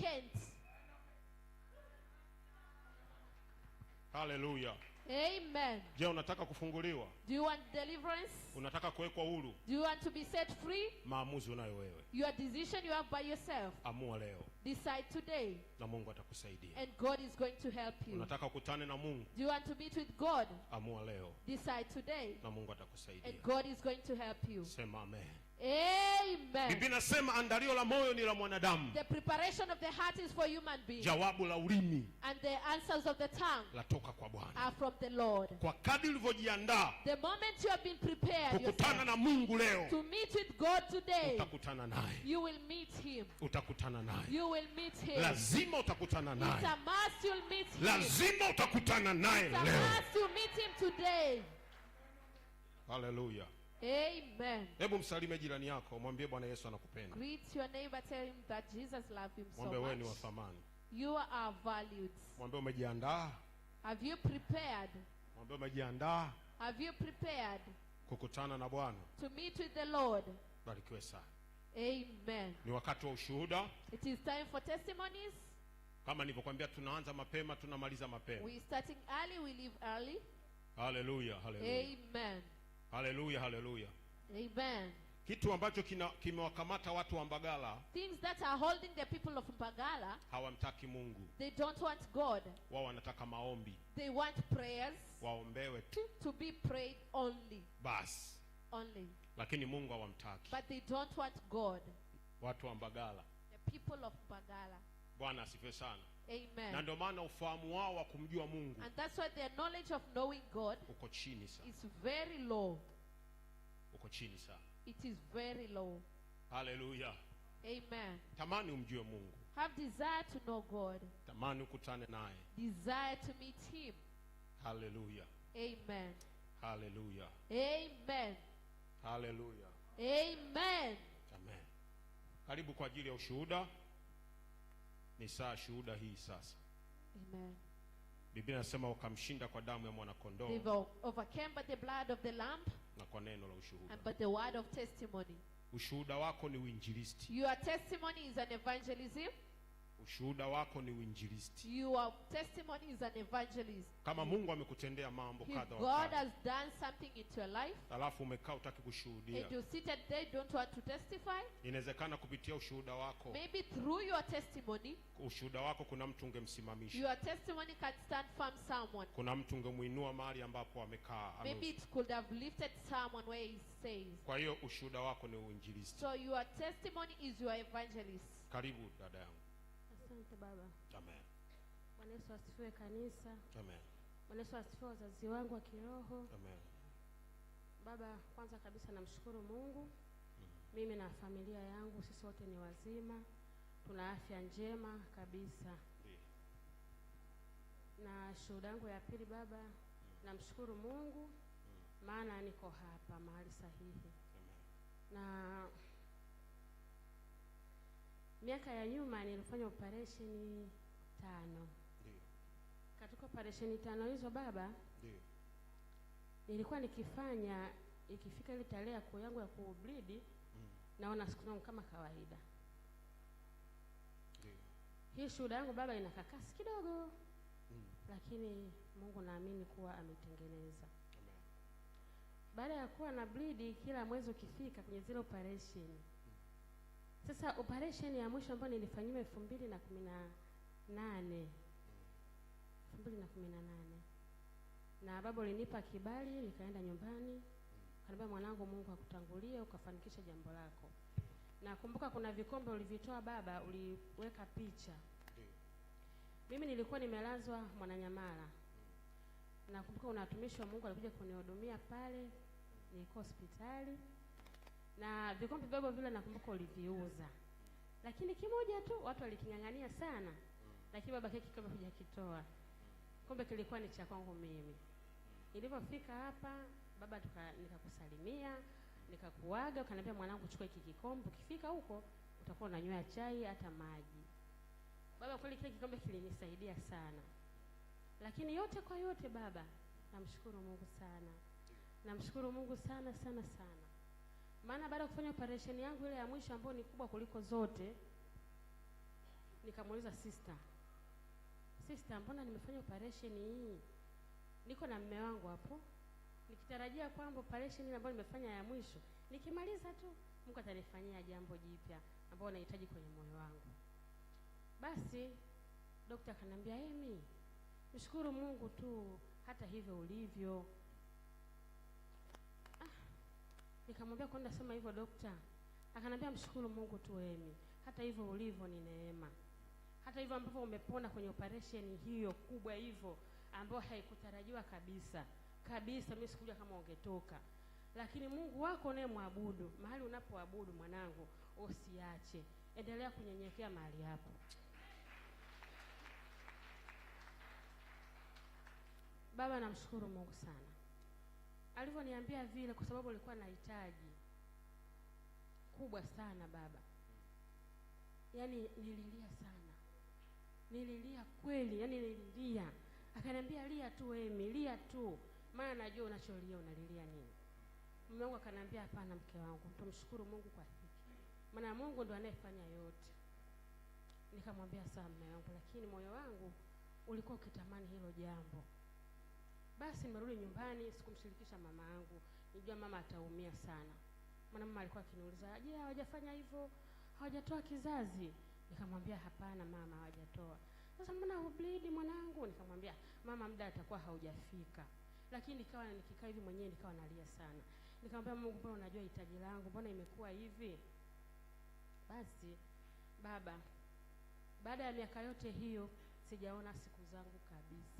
Kent. Haleluya. Amen. Je, unataka kufunguliwa? Do you want deliverance? Unataka kuwekwa huru? Do you want to be set free? Maamuzi unayo wewe. Your decision you have by yourself. Amua leo. Decide today. Na Mungu atakusaidia. And God is going to help you. Unataka kukutana na Mungu? Do you want to meet with God? Amua leo. Decide today. Na Mungu atakusaidia. And God is going to help you. Sema amen. Biblia inasema andalio la moyo ni la mwanadamu. The preparation of the heart is for human being. Jawabu la ulimi. And the answers of the tongue. Latoka kwa Bwana. Are from the Lord. Kwa kadri ulivyojiandaa. Kukutana na Mungu leo. To meet with God today. Utakutana naye. You will meet him. Utakutana naye. You will meet him. Lazima utakutana naye. It's a must you'll meet him. Lazima utakutana naye leo. It's a must meet him today. Hallelujah. Amen. Hebu msalime jirani yako, mwambie Bwana Yesu anakupenda. Greet your neighbor, tell him that Jesus loves him so much. Mwambie wewe ni wa thamani. You are valued. Mwambie umejiandaa. Have you prepared? Mwambie umejiandaa. Have you prepared? Kukutana na Bwana. To meet with the Lord. Barikiwe sana. Amen. Ni wakati wa ushuhuda. It is time for testimonies. Kama nilivyokuambia tunaanza mapema, tunamaliza mapema. We starting early, we leave early. Hallelujah, hallelujah. Amen. Hallelujah, hallelujah. Amen. Kitu ambacho kina kimewakamata watu wa Mbagala. Things that are holding the people of Mbagala. Hawamtaki Mungu. They don't want God. Wao wanataka maombi. They want prayers. Waombewe tu. To be prayed only. Bas. Only. lakini Mungu hawamtaki. But they don't want God. Watu wa Mbagala. The people of Mbagala. Bwana asifiwe sana. Amen. Na ndio maana ufahamu wao wa kumjua Mungu. And that's why their knowledge of knowing God uko chini sana. Is very low. Uko chini sana. It is very low. Hallelujah. Amen. Tamani umjue Mungu. Have desire to know God. Tamani ukutane naye. Desire to meet him. Hallelujah. Amen. Hallelujah. Amen. Haleluya. Amen. Amen. Karibu kwa ajili ya ushuhuda. Ni saa shuhuda hii sasa. Amen. Biblia inasema wakamshinda kwa damu ya mwana kondoo. They overcame by the blood of the lamb. Na kwa neno la ushuhuda. And by the word of testimony. Ushuhuda wako ni uinjilisti. Your testimony is an evangelism. Ushuhuda wako ni uinjilisti. Your testimony is an evangelist. Kama Mungu amekutendea mambo kadha wa kadha. God has done something in your life. Alafu umekaa utaki kushuhudia. And you seated there don't want to testify. Inawezekana kupitia ushuhuda wako. Maybe through your testimony. Ushuhuda wako kuna mtu ungemsimamisha. Your testimony can stand firm someone. Kuna mtu ungemuinua mahali ambapo amekaa. Maybe it could have lifted someone where he says. Kwa hiyo ushuhuda wako ni uinjilisti. So your testimony is your evangelist. Karibu dada yangu. Asante baba. Amen. Bwana Yesu asifiwe kanisa. Amen. Bwana Yesu asifiwe wazazi wangu wa kiroho. Amen. Baba, kwanza kabisa namshukuru Mungu. Mm. Mimi na familia yangu sisi wote ni wazima. Tuna afya njema kabisa. Ndiyo. Na shuhuda yangu ya pili baba, mm. namshukuru Mungu. Mm. Maana niko hapa mahali sahihi. Amen. Na Miaka ya nyuma nilifanya operesheni tano. Ndiyo. Katika operesheni tano hizo baba, ndiyo, nilikuwa nikifanya ikifika ile tarehe ya yangu ya kubleed mm, naona siku zangu kama kawaida. Ndiyo. Hii shuhuda yangu baba ina kakasi kidogo mm, lakini Mungu naamini kuwa ametengeneza. Amen. Baada ya kuwa na bleed kila mwezi ukifika kwenye zile operesheni sasa operation ya mwisho ambayo nilifanyiwa elfu mbili na kumi na nane elfu mbili na kumi na nane na baba ulinipa kibali, nikaenda nyumbani, kaniambia mwanangu, Mungu akutangulie ukafanikisha jambo lako. Nakumbuka kuna vikombe ulivitoa baba, uliweka picha. Mimi nilikuwa nimelazwa Mwananyamala. Nakumbuka kuna watumishi wa Mungu alikuja kunihudumia pale, nilikuwa hospitali na vikombe vyabo vile nakumbuka uliviuza, lakini kimoja tu watu waliking'ang'ania sana, lakini baba kile kikombe kitoa kombe kilikuwa ni cha kwangu mimi. Nilipofika hapa baba tuka, nikakusalimia nikakuaga, ukaniambia mwanangu, chukua hiki kikombe, ukifika huko utakuwa unanywa chai hata maji. Baba kweli kile kikombe kilinisaidia sana, lakini yote kwa yote, baba namshukuru Mungu sana, namshukuru Mungu sana sana sana. Maana baada ya kufanya operation yangu ile ya mwisho ambayo ni kubwa kuliko zote, nikamuuliza sister, sister, mbona nimefanya operation hii? Niko na mme wangu hapo, nikitarajia kwamba operation ile ambayo nimefanya ya mwisho nikimaliza tu Mungu atanifanyia jambo jipya ambalo nahitaji kwenye moyo wangu. Basi daktari akaniambia, Emi, mshukuru Mungu tu hata hivyo ulivyo. Nikamwambia kwani nasema hivyo dokta? Akanambia mshukuru Mungu tu hata hivyo ulivyo ni neema, hata hivyo ambavyo umepona kwenye operation hiyo kubwa hivyo ambayo haikutarajiwa kabisa kabisa. Mimi sikuja kama ungetoka, lakini Mungu wako naye mwabudu. Mahali unapoabudu mwanangu, usiache, endelea kunyenyekea mahali hapo. Baba, namshukuru Mungu sana alivyoniambia vile, kwa sababu alikuwa na hitaji kubwa sana baba. Yaani nililia sana, nililia kweli, yaani nililia. Akaniambia lia tu Emi, lia tu, maana najua unacholia unalilia nini. Mume wangu akaniambia hapana, mke wangu, tumshukuru Mungu kwa hiki, maana Mungu ndo anayefanya yote. Nikamwambia sawa mume wangu, lakini moyo wangu ulikuwa ukitamani hilo jambo basi nimerudi nyumbani, sikumshirikisha mama yangu, nijua mama ataumia sana. Maana mama alikuwa akiniuliza, je, hawajafanya hivyo? Hawajatoa kizazi? Nikamwambia hapana mama, hawajatoa. Sasa mbona hubleed mwanangu? Nikamwambia mama, muda atakuwa haujafika. Lakini nikawa nikikaa hivi mwenyewe nikawa nalia sana. Nikamwambia Mungu, mbona unajua hitaji langu? Mbona imekuwa hivi? Basi baba, baada ya miaka yote hiyo sijaona siku zangu kabisa.